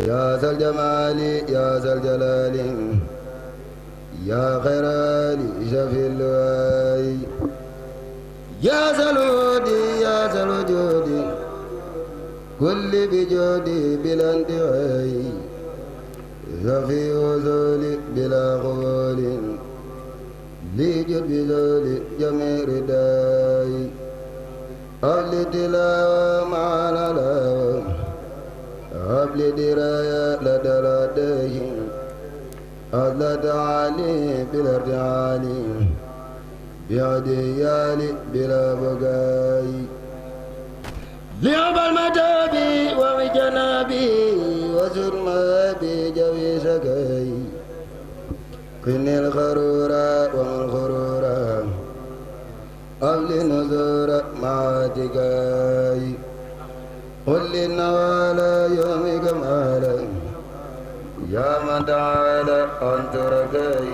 يا ذا الجمال يا ذا الجلال يا خير شفي الوالي يا ذا الود يا ذا الوجود كل بجودي بلا انتهاء شفي وزولي بلا قبول جد بزولي جميع رداي أولي تلاوة معنا لاوة هب درايا دراية لدى لديهم أذلت علي بلا ارجعال بعديالي بلا بقاي ليوم المدابي ومجنابي وسرمابي جوي سكاي قني الخرورة وما الخرورة قبل نزور معاتكاي قل لنا على يومكم علي يا من تعالى أن تركي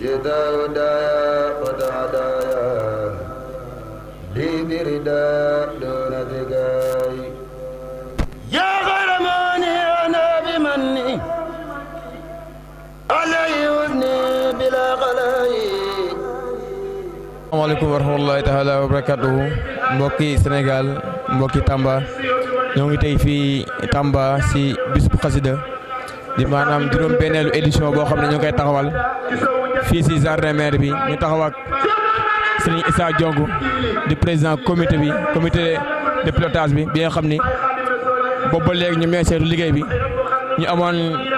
جدا ودايا قد عدايا لي بردا دون تقاي يا غرماني أنا بمني علي وذني بلا غلاي السلام عليكم ورحمة الله تعالى وبركاته mbokki سنغال mbokki Tamba ñoo ngi tey fii Tamba si bis bu xasida di maanaam juróom-benneelu édition boo xam ne ñoo koy taxawal fii si jardin maire bi ñu taxawaak ak sëriñ Issa Diongo di président comité bi comité de pilotage bi bi nga xam ni boobu ba léegi ñu may liggéey bi ñu amoon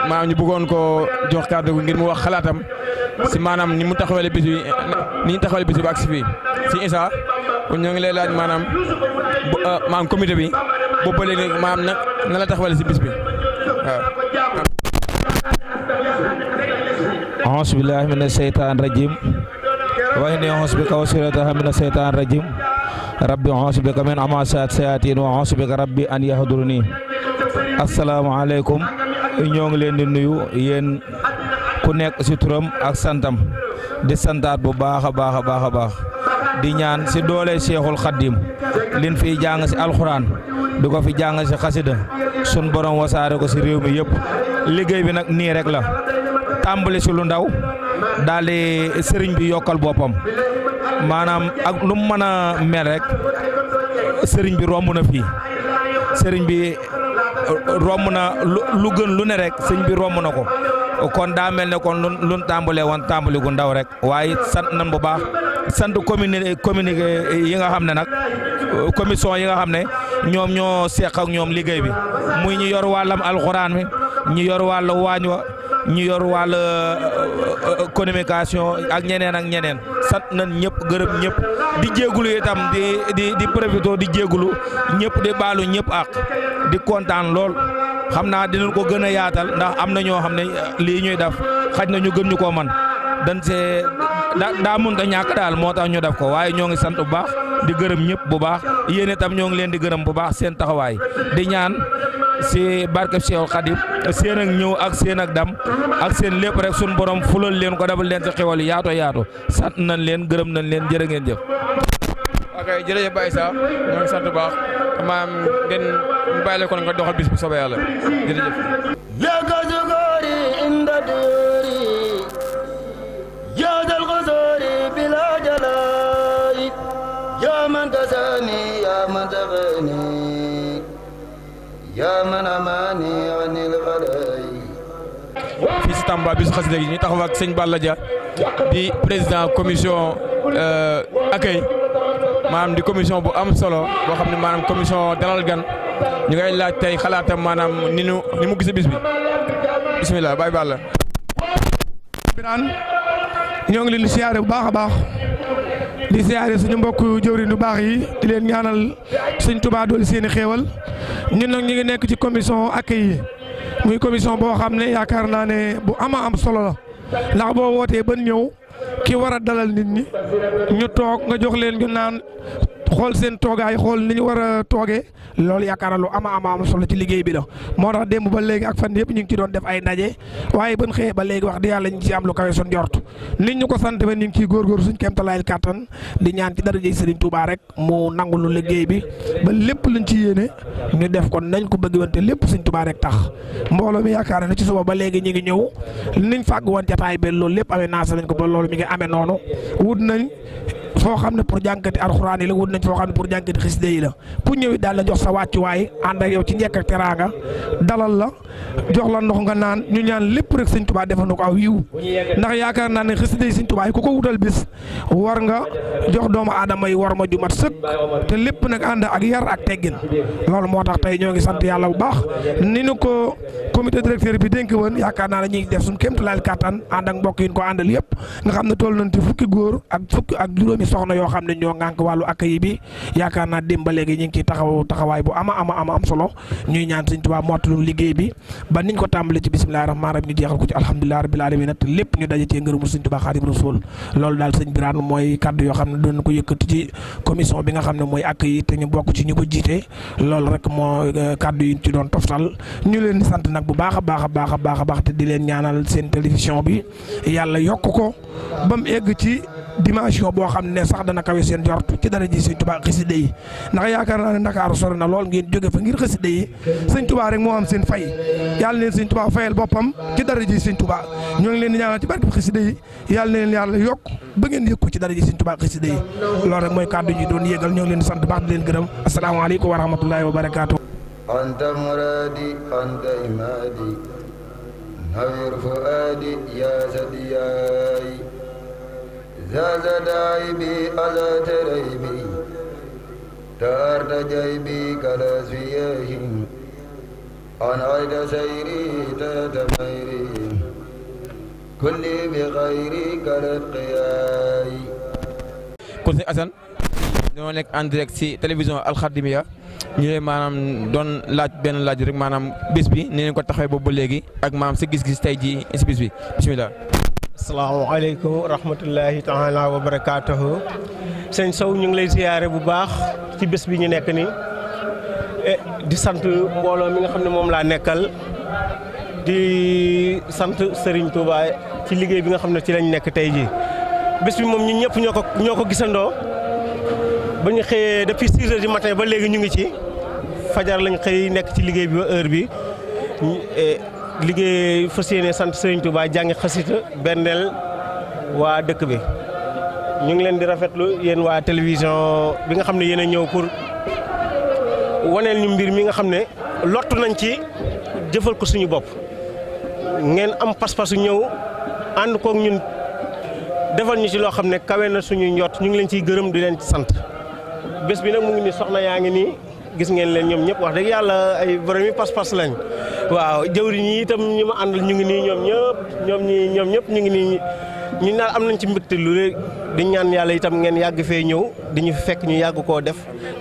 maanaam ñu buggoon ko jox kàddu ngir mu wax xalaatam si maanaam ni mu taxawale bis bi ni ñu taxawalee bisub ak si fii si Issa. kon ñoo ngi lay laaj maanaam bu euh, maanaam comité bi boobu ba léegi maanaam nag na la taxawale si bis bi waaw. auzu billaahi mina seytaan rajim wa inni auzu bika wa surataha mina seytaan rajim rabbi auzu bika min amasaat sayaatin wa auzu bika rabbi an yahduruni asalaamaaleykum ñoo ngi leen di nuyu yéen ku nekk si turam ak santam di santaat bu baax a baax a baax a baax. di ñaan si doole Seexul Xaddim liin fiy jàng si alxuraan di ko fi jàng si xasida suñ borom wasaare ko si réew mi yëpp liggéey bi nag nii rek la tàmbali si lu ndaw daal di sëriñ bi yokkal boppam maanaam ak lu mu mën a mel rek sëriñ bi romb na fii sëriñ bi uh, romb na lu gën lu ne rek sëriñ bi romb na ko kon daa mel ne kon lu lu tàmbalee woon tàmbali gu ndaw rek waaye sant nañ bu baax. sant commune commune yi nga xam ne nag commission yi nga xam ne ñoom ñoo seq ak ñoom liggéey bi muy ñu yor wàllam alxuraan mi ñu yor wàll waañ wa ñu yor wàll euh, euh, euh, communication ak ñeneen ak ñeneen sant nañ ñëpp gërëm ñëpp di jéegulu itam di di di profité di jéegulu ñëpp di baalu ñëpp ak di kontaan lool xam naa dina ko gën a yaatal ndax am na ñoo xam ne lii ñuy def xaj na ñu gën ñu koo man dañ da mun ta ñak dal moo tax ñu def ko waye ñoo ngi sant bu baax di gëreem ñepp bu baax yene tam ñoo ngi leen di gëreem bu baax seen taxaway di ñaan si barkeb Seexul khadim seen ak ñëw ak seen ak dam ak seen lepp rek sun borom fulal leen ko dabal leen ci xewal yaato yaato sant nañ leen gëreem nañ leen jërë ngeen jëf akay ok jëf Baye sa ñoo ngi sant bu baax maam ngeen bayle ko nga doxal bis bu yalla soobee yàlla jërëjëf غزاني يا من دغني يا من أماني عن الغلاء fii si Tamba bi su xasida sëñ Balla Dia di président commission euh, accueil maanaam di commission bu am solo boo xam ne maanaam commission dalal gan ñu ngay laaj tey xalaatam maanaam ni nu ni mu gisee bis bi bisimilah bàyyi Balla. Birane ñoo ngi leen bu baax a baax. di siyaare suñu mbokk jëwriñ bu baax yi di leen ñaanal suñ Tuubaa dool seen i xéewal ñun nag ñu ngi nekk ci commission accueil yi muy commission boo xam ne yaakaar naa ne bu ama am solo la ndax boo wootee ba ñëw ki war a dalal nit ñi ñu toog nga jox leen ñu naan xool seen toogaay xool ni ñu war a toogee loolu yaakaar naa lu ama ama am solo ci liggéey bi la moo tax démb ba léegi ak fan yëpp ñu ngi ci doon def ay ndaje waaye ban xëyee ba léegi wax di yàlla ñu ci am lu kawe suñ jort nit ñu ko sant ba ñu ngi ciy góorgóor suñ kéem talaayal kàttan di ñaan ci dara daraja Serigne Touba rek mu nangu lu liggéey bi ba lépp luñ ci yéene ñu def kon nañ ko bëgg wante lépp Serigne tubaa rek tax mbooloo mi yaakaar na ci suba ba léegi ñu ngi ñëw niñ fàgg woon jataay ba loolu lépp amee naasa nañ ko ba loolu mi ngi amee noonu wut nañ foo xam ne pour jàngkati alxuraan la wut xisde yi la ku ñëwit daal la jox sa wàccuwaay ànd ak yow ci njekk ak teraanga dalal la jox la ndox nga naan ñu ñaan lépp rek sëñ Tuubaa defal ko aw yiw ndax yaakaar naa ne xisde yi sëñ Tuubaa yi ku ko wutal bis war nga jox doomu aadama yi war ma ju mat sëkk te lépp nag ànd ak yar ak teggin loolu moo tax tey ñoo ngi sant yàlla bu baax ni nu ko comité directeur bi dénk woon yaakaar naa ne ñu ngi def suñu kéemtalaay kàttan ànd ak mbokk yi ñu ko àndal yëpp nga xam ne toll nañ ci fukki góor ak juróomi soxna yoo xam ne ñoo ŋànk wàllu accueil bi yaakaar naa démb ba léegi ñu ngi ciy taxaw taxawaay bu ama ama ama am solo ñuy ñaan Sëñ Tuubaa mottalu liggéey bi ba niñ ko tàmbalee ci bismillahi rahmaani rahim ñu jeexal ko ci alhamdulillahi rabbil alamin nag lépp ko ci commission bi nga xam ne mooy kaddu euh, yi ci doon toftal ñu leen sant nag bu baax a baax a baax a baax a te di leen ñaanal seen télévision bi yàlla yokk ko ba egg ci dimension boo xam ne sax dana kawé sen jort ci dara ji seigne touba xasida yi ndax yaakar na ne Ndakaaru sori na lool ngeen jóge fa ngir xasida yi seigne touba rek mo am sen fay yalla leen seigne touba fayal bopam ci dara ji seigne touba ñu ngi leen di ñaanal ci barke xasida yi yalla na yalla yok ba ngeen yëg ci dara ji seigne touba xasida yi lol rek moy kaddu ñu doon yegal ñu ngi leen di sant baax di gëreem assalamu alaykum wa rahmatullahi wa barakatuh anta muradi anta imadi nawir fuadi ya Zadiyai زاد دايبي على تريبي تارت جيبي كلاسفيه عن عيد سيري تتميري كلي بغيري كالقياي كنت أسن dañoo nekk en direct ci télévision alxadimiya ñu ne maanaam doon laaj benn laaj rek maanaam bis bi ni leen ko taxawee boobu ba léegi ak maam sa gis-gis tey ji ci bis bi bisimilah. asalaamaaleykum wa rahmatullahi taala wa barakaatuhu sëñ Sow ñu ngi lay ziyaare bu baax ci bés bi ñu nekk ni e, di sant mbooloo mi nga xam ne moom laa nekkal di sant Serigne Touba ci liggéey bi nga xam ne ci lañ nekk tey jii bés bi moom ñun ñëpp ñoo ko ñoo ko gisandoo ba ñu xëyee depuis 6 heures du matin ba léegi ñu ngi ci fajar lañ xëy nekk ci liggéey bi ba heure bi. E, liggéey fassiyene sante Serigne Touba jangi xasita bennel wa dekk bi ñu ngi leen di rafetlu yeen wa télévision bi nga xamne ne ñew a pour wonel ñu mbir mi nga xamne ne nañ ci jëfël ko suñu bop ngeen am passu ñew and ko ak ñun defal ñu ci lo xamne kawé na suñu ñott ñu ngi leen ci di leen ci sant bës bi nak mu ngi ni soxna yaangi ni gis ngeen leen ñom ñep wax dëgg yalla ay borom yi pass pass lañ waaw jëwriñ yi itam ñi ma àndal ñu ngi nii ñoom ñëpp ñoom ñi ñoom ñëpp ñu ngi nii ñu naan am nañ ci mbégte lu rek di ñaan yàlla itam ngeen yàgg fee ñëw di ñu fekk ñu yàgg koo def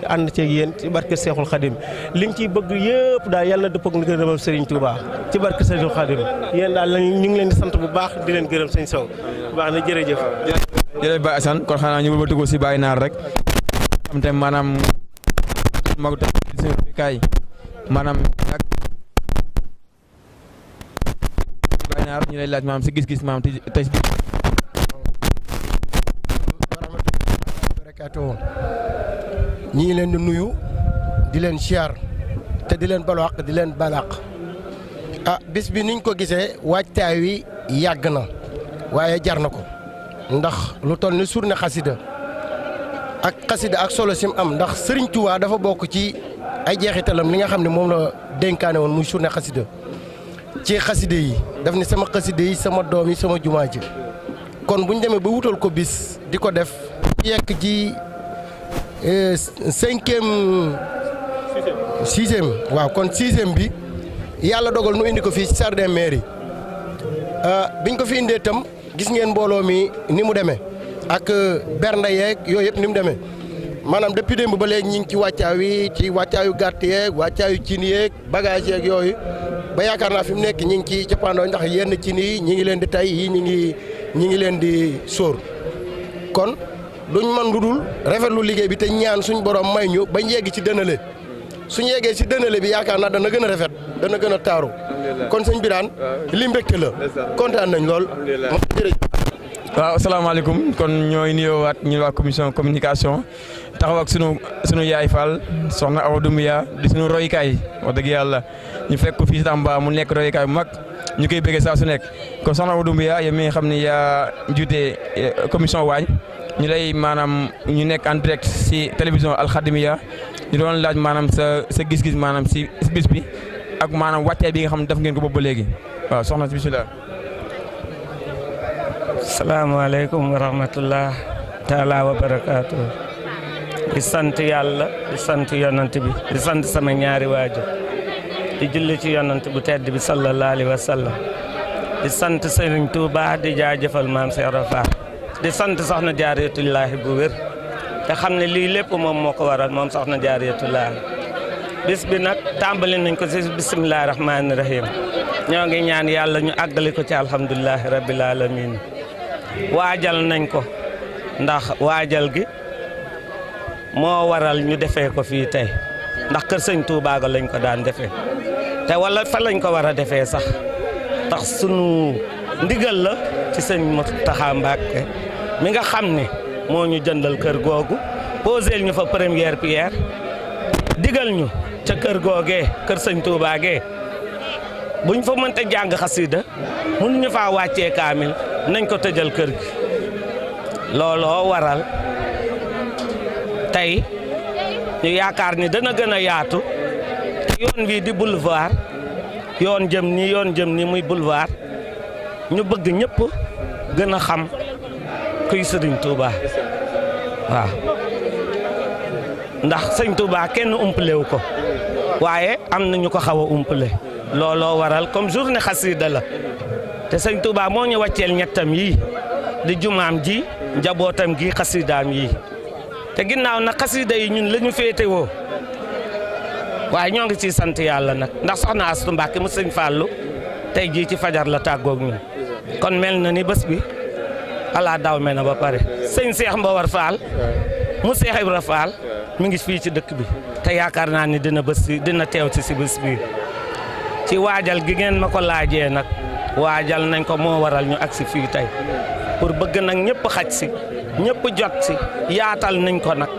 ànd ceeg yéen ci barke Seexul Xadim liñ ciy bëgg yëpp daal yàlla na dëppoo ak ngërëmam Serigne Touba ci barke Seexul Xadim yéen daal lañ ñu ngi leen di sant bu baax di leen gërëm sëñ Sow baax na jërëjëf. jërëjëf Baye Assane kon xanaa ñu bëgg si Baye Naar rek am tamit maanaam mag tamit kaay maanaam ak gànnaar ñu lay laaj maam si gis-gis maam te tey. ñi ngi leen di nuyu di leen siyaar te di leen balaax di leen balaax ah bis bi niñ ko gisee waajtaay wi yàgg na waaye jar na ko ndax lu toll ni surne xasida ak xasida ak solo sim am ndax Sëriñ tuwaa dafa bokk ci ay jeexitalam li nga xam ne moom la dénkaane woon muy surne xasida ci xasida yi def ni sama xaside yi sama doom yi sama jumaa ji kon bu ñu demee ba wutal ko bis di ko def yekk ci e, cinquième sixième waaw kon sixième bi yàlla dogal nu indi ko fii ci jardin mairie e, biñ ko fi indee itam gis ngeen mbooloo mi ni mu demee ak e, bernda yeeg yooyu yëpp ni mu demee maanaam depuis démb ba léegi ñu ngi ci wàccaaw yi ci wàccaayu gàtt yeeg wàccaayu cin yeeg bagage yeeg yooyu ba yaakaar naa fi mu nekk ñi ngi ci cappaandoo ndax yenn ci nii ñi ngi leen di tay yi ñi ngi ñi ngi leen di sóor kon duñ man lu dul rafetlu liggéey bi te ñaan suñ borom may ñu bañ yegg ci dënale suñ yeggee ci dënale bi yaakaar naa dana gën a rafet dana gën a taaru kon sëñ Birane li mbégte la kontaan nañ lool jërëjëf waaw asalaamaaleykum kon ñooy nuyowaat ñu waa commission communication taxaw ak sunu sunu yaay Fall soxna Awa Dumbuya di sunu roykaay wax dëgg yàlla ñu fekk ko fii mu nekk roykaay bu mag ñu koy bëggee saa su nekk kon soxna Awa Dumbuya yow mi nga xam ne yaa jiite eh, waañ ñu lay maanaam ñu nekk en direct si télévision Alxadimiya ñu doon laaj maanaam sa sa gis-gis maanaam si bis bi ak maanaam wàccee bi nga xam ne def ngeen ko boobu ba léegi waaw soxna si bisimilah. salaamaaleykum wa rahmatulah. taalaa wa barakaatu. di sant yàlla di sant yonant bi di sant sama ñaari waajur di julli ci yonant bu tedd bi sallallahu alayhi wa sallam di sant Serigne Touba di jaajëfal maam Cheikh Rafaal di sant soxna jaariyatullaahi bu wér te xam ne lii lépp moom moo ko waral moom soxna jaariyatullaahi bis bi nag tàmbali nañ ko si bisimilah rahmaani rahim ñoo ngi ñaan yàlla ñu àggali ko ci alhamdulilahi rabbil alamin waajal nañ ko ndax waajal gi. moo waral ñu defee ko fii tey ndax kër sëñ Touba lañ ko daan defee te wala fa lañ ko war a defee sax tax sunu ndigal la ci sëñ Mountakha Mbacké mi nga xam ni moo ñu jëndal kër googu posé ñu fa première pierre digal ñu ca kër googee kër sëñ Touba gee buñ fa mënta jàng xasida mun ñu faa wàccee kaamil nañ ko tëjal kër gi looloo waral. tey ñu yaakaar ni dana gën a yaatu te yoon bii di boulevard yoon jëm ni yoon jëm ni muy boulevard ñu bëgg ñépp gën a xam kuy sëriñ Touba waaw ndax sëñ Touba kenn umpalewu ko waaye am na ñu ko xaw a umpale looloo waral comme journée xasida la te sëñ Touba moo ñu wàcceel ñettam yii di jumaam ji njabootam gi xasidaam yii te ginnaaw nag xasida yi ñun la ñu féetewoo waaye ñoo ngi ciy sant yàlla nag ndax soxna Astu Mbàkke mu sëñ Fàllu tey jii ci fajar la tàggoog ñun kon mel na ni bés bi alaa daw na ba pare sëñ Seex Mbawar Fall mu Seex Ibra Fall mi ngi fii ci dëkk bi te yaakaar naa ni dina bés dina teew ci si bés bi ci waajal gi ngeen ma ko laaje nag waajal nañ ko moo waral ñu agsi fii tey pour bëgg nag ñëpp xaj si ñëpp jot si yaatal nañ ko nag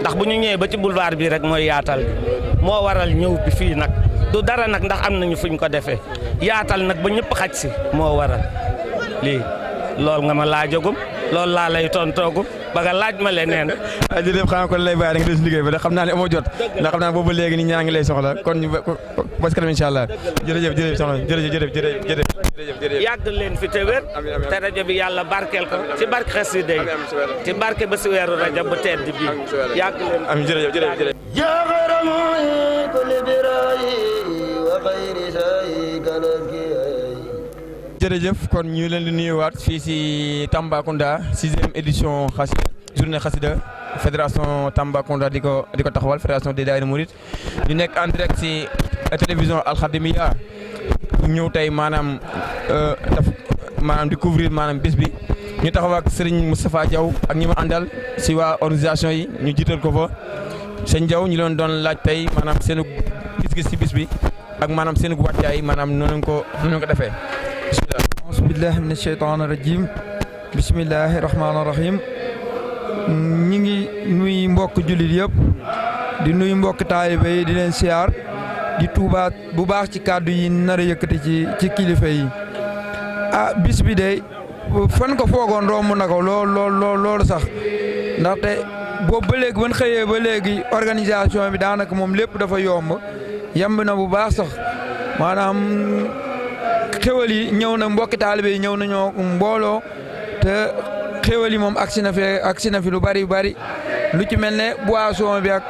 ndax bu ñu ñëwee ba ci boulevard bi rek mooy yaatal bi moo waral ñëw bi fii nag du dara nag ndax am nañu fuñ ko defee yaatal nag bu ñëpp xaj si moo waral lii loolu nga ma laajagum loolu laa lay tontoogum ba laaj ma leneen. waaw jërëjëf xanaa kon lay bàyyi des liggéey ba de xam naa ne amoo jot ndax xam naa ne boobu léegi nii ñaa ngi lay soxla kon ñu ba si kanam incha allah jërëjëf jërëjëf soxna jërëjëf jërëjëf jërëjëf jërëjëf yàgg leen fi rajo bi yàlla barkeel ko ci barke xasida yi ci barke ba si weeru rajo bu tedd bi yàgg leen am jërëjëf jërëjëf jërëjëf jërëjëf kon ñu leen di nuyuwaat fii édition fédération journée xasida fédération Tambacounda di ko di taxawal fédération des Mouride ñu nekk en direct si télévision Al ñëw tey maanaam euh, daf maanaam maanaam bis bi ñu taxaw ak Serigne Moustapha Diaw ak ñi ma organisation yi ñu jiital ko fa Serigne Diaw ñu leen doon laaj tey maanaam seenu gis-gis bis bi بسم الله من الشيطان الرجيم بسم الله الرحمن الرحيم نيغي نوي مبوك جوليت ييب دي نوي مبوك طالب يي دي لن سيار دي توبا بو باخ سي كادو يي نارا ييكتي سي سي خليفه يي ا بيس بي داي فان كو فوغون روم نكو لول لول لول لول صاح ناتي بو بليك بن خيي بليغي اورغانيزاسيون بي دانك موم ليپ دا فا يوم يامنا بو باخ صاح مانام xéwal yi ñëw na mbokki taalibe yi ñëw nañoo mbooloo te xéwal yi moom agsi na fi agsi na fi lu bari bari lu ci mel ne bu boisson bi ak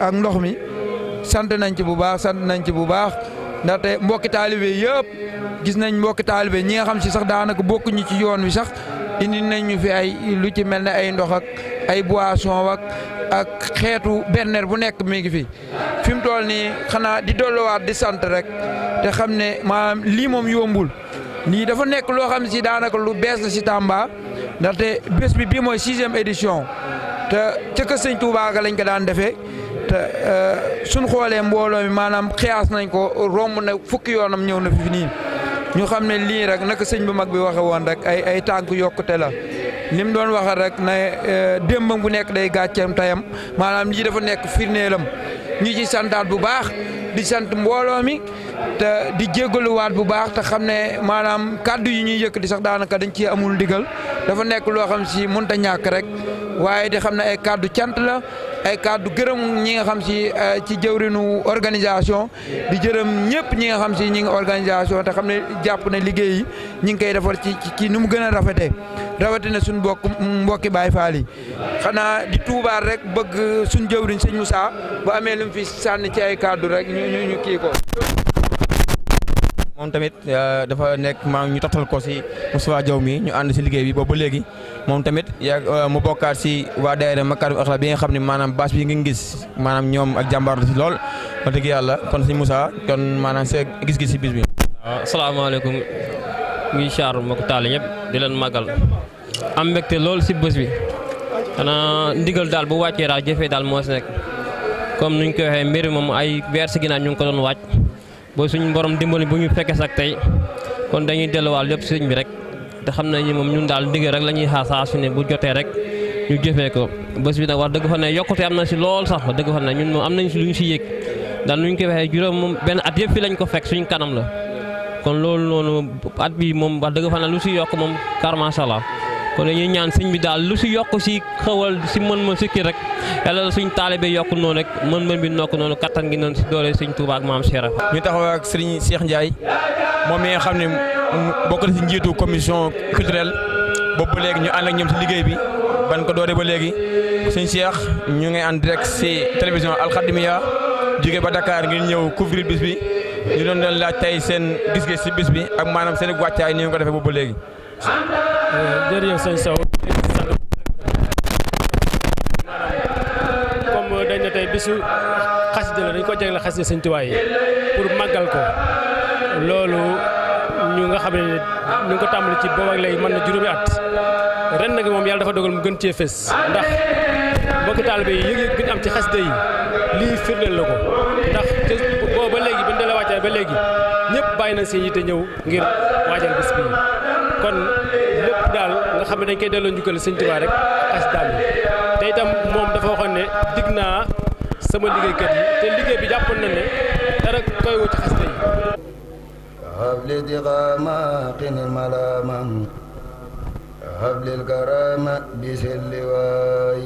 ak ndox mi sant nañ ci bu baax sant nañ ci bu baax ndaxte mbokki taalibe yëpp gis nañ mbokki taalibe ñi nga xam si sax daanaka bokkuñu ci yoon wi sax indi nañ ñu fi ay lu ci mel ne ay ndox ak ay boisson wak ak xeetu benner bu nekk mi ngi fi fi mu toll nii xanaa di dolluwaat di sant rek te xam ne maanaam lii moom yombul nii dafa nekk loo xam si daanaka lu bees la si Tamba ndaxte bés bi bii mooy sixième édition te ca kër Sëñ Tuubaa lañ ko daan defee te euh, suñ xoolee mbooloo mi maanaam xiyaas nañ ko romb na fukki yoonam ñëw na fi nii. ñu xam ne lii rek naka sëñ bu mag bi waxe woon rek ay ay tànk yokkute la ni mu doon waxe rek na e, démbam bu nekk day gàcceem tayam maanaam lii dafa nekk firneelam ñu ci santaat bu baax di sant mbooloo mi te di jéggaluwaat bu baax te xam ne maanaam kàddu yi ñuy di sax daanaka dañ ci amul digal dafa nekk loo xam si mënta ñàkk rek waaye di xam ne ay kàddu cant la ay kàddu gërëm ñi nga xam si euh, ci jëwrinu organisation di jërëm ñëpp ñi nga xam si ñi ngi organisation te xam ne jàpp ne liggéey yi ñi ngi koy defar ci ci nu mu gën a rafetee rawatina suñu mbokk mbokki Baay Faal yi xanaa di tuubaar rek bëgg suñu jëwriñ sëñ Moussa bu amee lu mu fi sànni ci ay kàddu rek ñu ñu on tamit euh, dafa nek ma ñu tatal ko ci Moustapha Diaw mi ñu and ci liggey bi bobu legi mom tamit ya mu bokkar ci wa daayira makkar akhla bi nga xamni manam bass bi nga gis manam ñom ak jambar ci lool ba deug yalla kon si Moussa kon manam se gis-gis ci bis bi. assalamu ah, alaykum char ko di len magal am mbégte lool ci bus bi ana ndigal dal bu wacce ra jefe dal mo si comme nuñ ko waxe mbir mom ay gina ñu ko don boo suñu borom dimbali bu ñu fekkee sag tey kon dañuy delluwaal lépp sëñ bi rek te xam nañ ni moom ñun daal ndigal rek la ñuy xaar saa su ne bu jotee rek ñu jëfee ko bés bi nag wax dëgg fa ne yokkute am na si lool sax wax dëgg fa ne ñun moom am nañ si lu ñu si yëg daal nu ñu koy waxee juróom moom benn at yëpp fi lañ ko fekk suñu kanam la kon loolu noonu at bii moom wax dëgg fa ne lu si yokk moom kàr allah kon dañuy ñaan sëñ bi daal lu si yokk si xawal si mën-mën si kii rek yàlla la suñ taalibe yokk noonu rek mën-mën bi nokk noonu kattan gi noonu si doole sëñ Touba ak maam Cheikh ñu taxaw ak sëriñ Cheikh Ndiaye moom mi nga xam ne bokk na njiitu commission culturelle boobu léegi ñu ànd ak ñoom liggéey bi ban ko dooree ba léegi sëñ Cheikh ñu ngi en direct si télévision Alkhadimiya jóge ba Dakar ngir ñëw couvrir bi ñu doon doon laaj tey seen gis-gis bi ak maanaam seen wàccaay ni ko defee boobu ba léegi. Jadi yang Sow comme eh, dañ ne bisu xasida la dañ ko jagle xasida sëñ Tuubaa yi pour màggal ko loolu ñu nga xam ñu ko ci ak at ren nag moom yàlla dafa dogal mu gën cee fës ndax mbokki taalibe yi yëg-yëg am ci xasida yi lii firndeel la ndax te ba léegi ba ngir bis bi kon lépp daal nga xam ne dañ koy delloo njukkal sëñ Tuubaa rek as daal moom dafa waxoon ne dig naa sama liggéeykat yi te liggéey bi jàppoon na ne dara koy wut xas tey. habli diqaama qini malaama habli karaama liwaay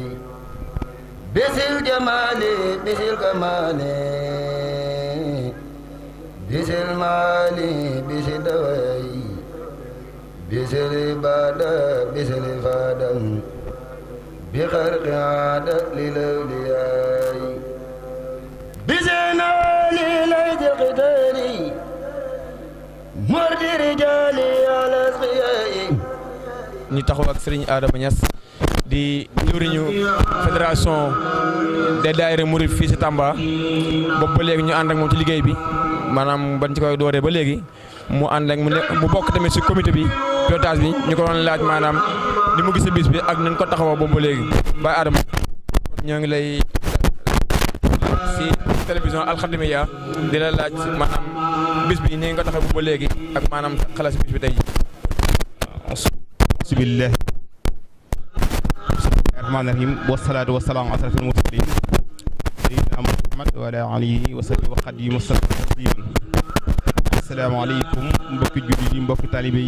بسر بعد بسر فادم بخرق عاد للأولياء بزنا لليد قدري ak Serigne Adama Niass di njëriñu fédération des daayira Mouride fii si Tamba boobu ba léegi ñu ànd ak moom ci liggéey bi maanaam bañ ci koy dooree ba léegi mu ànd ak mu bokk demee si comité bi pilotage bi ñu ko doon laaj manam ni mu gisse bis bi ak nañ ko taxawoo boobu ba léegi Baye Adama ñoo ngi lay ci télévision alxadimiya di la laaj manam bis bi ni nga ko taxaw boobu ba léegi ak manam xalaat bis bi tey bismillah rahmaani rahim wasalaatu wasalaamu ala asrafil mursalin sayyidina Muhammad wa ala alihi wa sahbihi wa xadim wa sallam tasliman asalaamaaleykum mbokki yi mbokki taalibe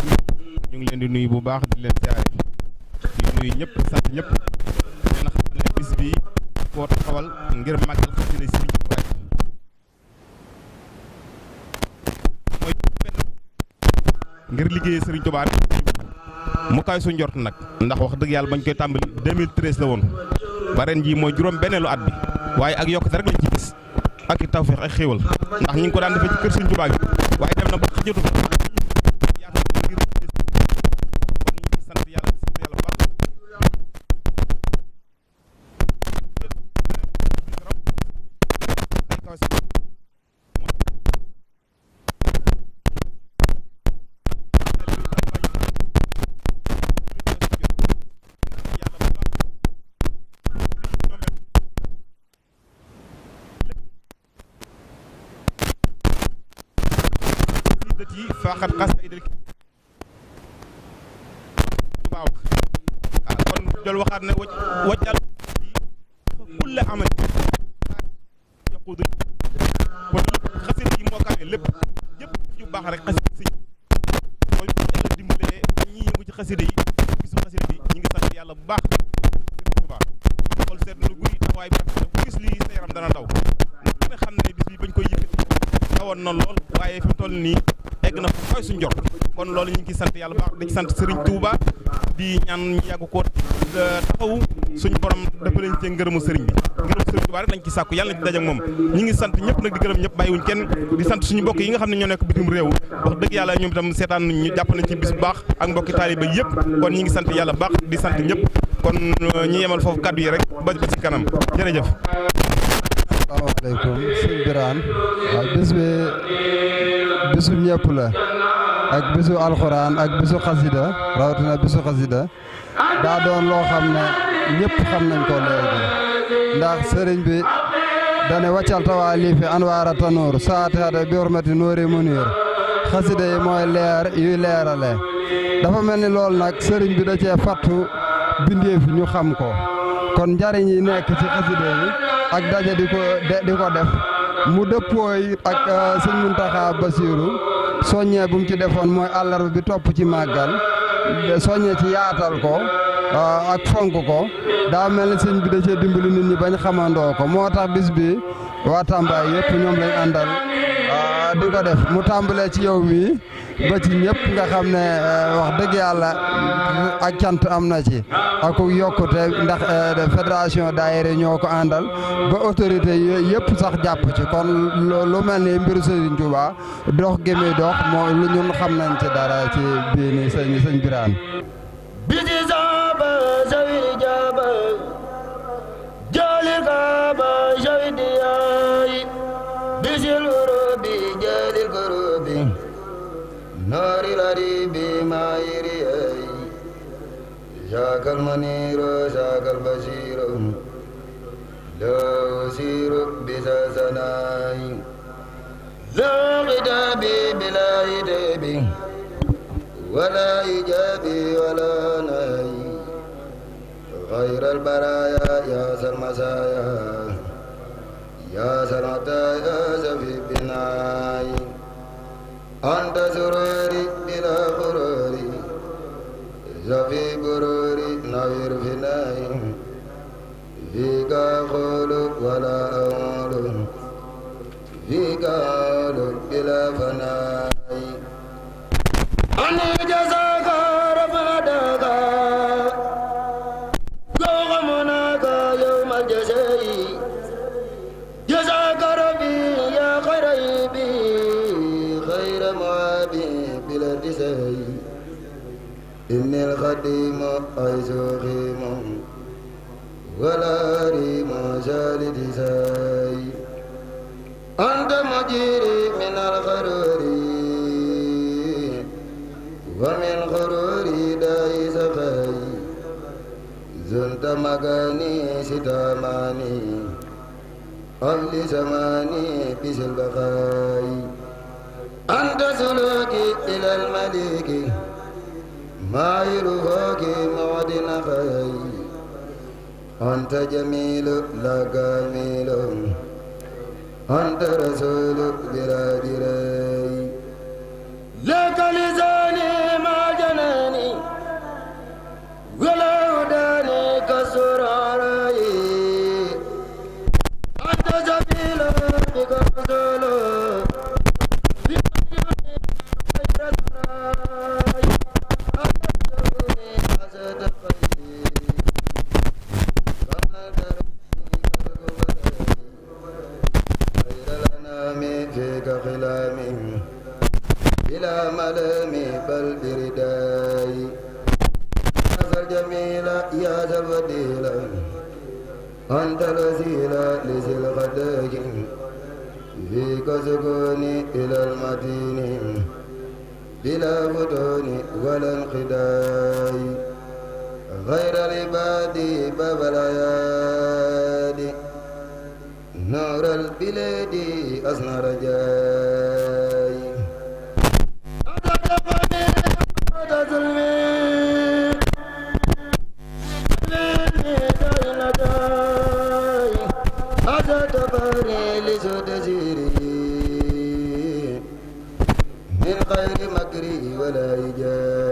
ñu ngi leen di nuyu bu baax di leen jaare ñëpp sant bi koo taxawal ngir màggal xasida Sëriñ Tuubaa mooy ngir liggéeyee Sëriñ Tuubaa mu kaay su njort nag ndax wax dëgg yàlla bañ koy tàmbali 2013 la woon ba ren jii mooy juróom benneelu at bi waaye ak yokkute rek lañ ci gis ak i ak xéewal ndax ñu ko daan defee ci kër Sëriñ Tuubaa gi waaye dem na ba xajatu التي فاقت قصائد الكتاب كون دول وخارنا وجال كل عمل يقود خسر في موقع لب يب في بحر قصيد خسر دي بيسو خسر دي نيغا سان يالا باخ توبا خول سيت لو غوي تواي باخ بيس لي سيرام دانا داو خامني بيس بي بنكو يفتي kawe suñ jor kon loolu ñu ngi sant yàlla baax di sant Serigne Touba di ñaan ñu ko euh, taxaw suñu borom dafa leen cee ngërëmu Serigne bi ngërëm Serigne Touba rek lañ ci sàkku ci ñi ngi sant di gërëm ñëpp bàyyiwuñ kenn di sant suñu mbokk yi nga xam ne nekk bitim réew wax ñoom ñu nañ ci bis baax ak mbokki taaliba kon ñi ngi sant baax di sant ñëpp kon euh, ñu yemal foofu kàddu yi rek ba ci kanam jërëjëf asalaamaaleykum sëñ Birane bisu ñëpp la ak bisu alxuraan ak bisu xasida rawatina bisu xasida daa doon loo xam ne ñëpp xam nañ ko léegi ndax sëriñ bi dane waccal tawaalifi anwaara tanuur saataate bi hurmati nuuri muniir xasida yi mooy leer yuy leerale dafa mel ni loolu nag sëriñ bi da cee fàttu bindeef ñu xam ko kon njariñ yi nekk ci xasida yi ak daje di ko di ko def mu dëppooy ak euh, sëñ Muntaxa Basiiru soññee bu mu ci defoon mooy àllarba bi topp ci màggal soññee ci yaatal ko ah, ak fonk ko daa mel ne sëñ bi da cee dimbali nit ñi bañ xamandoo ko moo tax bis bi waa Tamba yëpp ñoom lañ àndal ah, di ko def mu tàmbalee ci yow mii ba ci ñëpp nga xam ne euh, wax dëgg yàlla ak cant am na ci ak yokkute ndax euh, fédération daayira ñoo ko àndal ba autorité yëpp sax jàpp ci kon lu mel ni mbiru Serigne Touba dox gi muy dox moo ñun xam nañ ci dara ci bii ni sëñ sëñ Birane جولي بابا جودي المنير وشاك البشير لا أسير بسسناي لا غتابي بلا إتابي ولا إجابي ولا ناي غير البرايا يا سلمسايا يا سلمتا يا سفي بناي أنت سروري بلا غروري زفي غروري غير فناء فيك قول ولا أول فيك قول بلا فناء أنا جزاء خديم أيز غيم ولا ريم جالد زاي أنت مجيري من الغرور ومن غروري داي زغاي زنت مغاني ستاماني قبل زماني بسلبغاي أنت سلوكي إلى الملك مايله كي معدن خي أنت جميل لا كامل أنت رسول بلا دري لك لساني الوداي هذا الجميل يا ذا البديل أنت الوسيلة لذي الغداج فيك سكوني إلى المدينة بلا فتون ولا انخداي غير عبادي باب الأيادي نور البلاد أصنع رجاي غير مكري ولا إجابة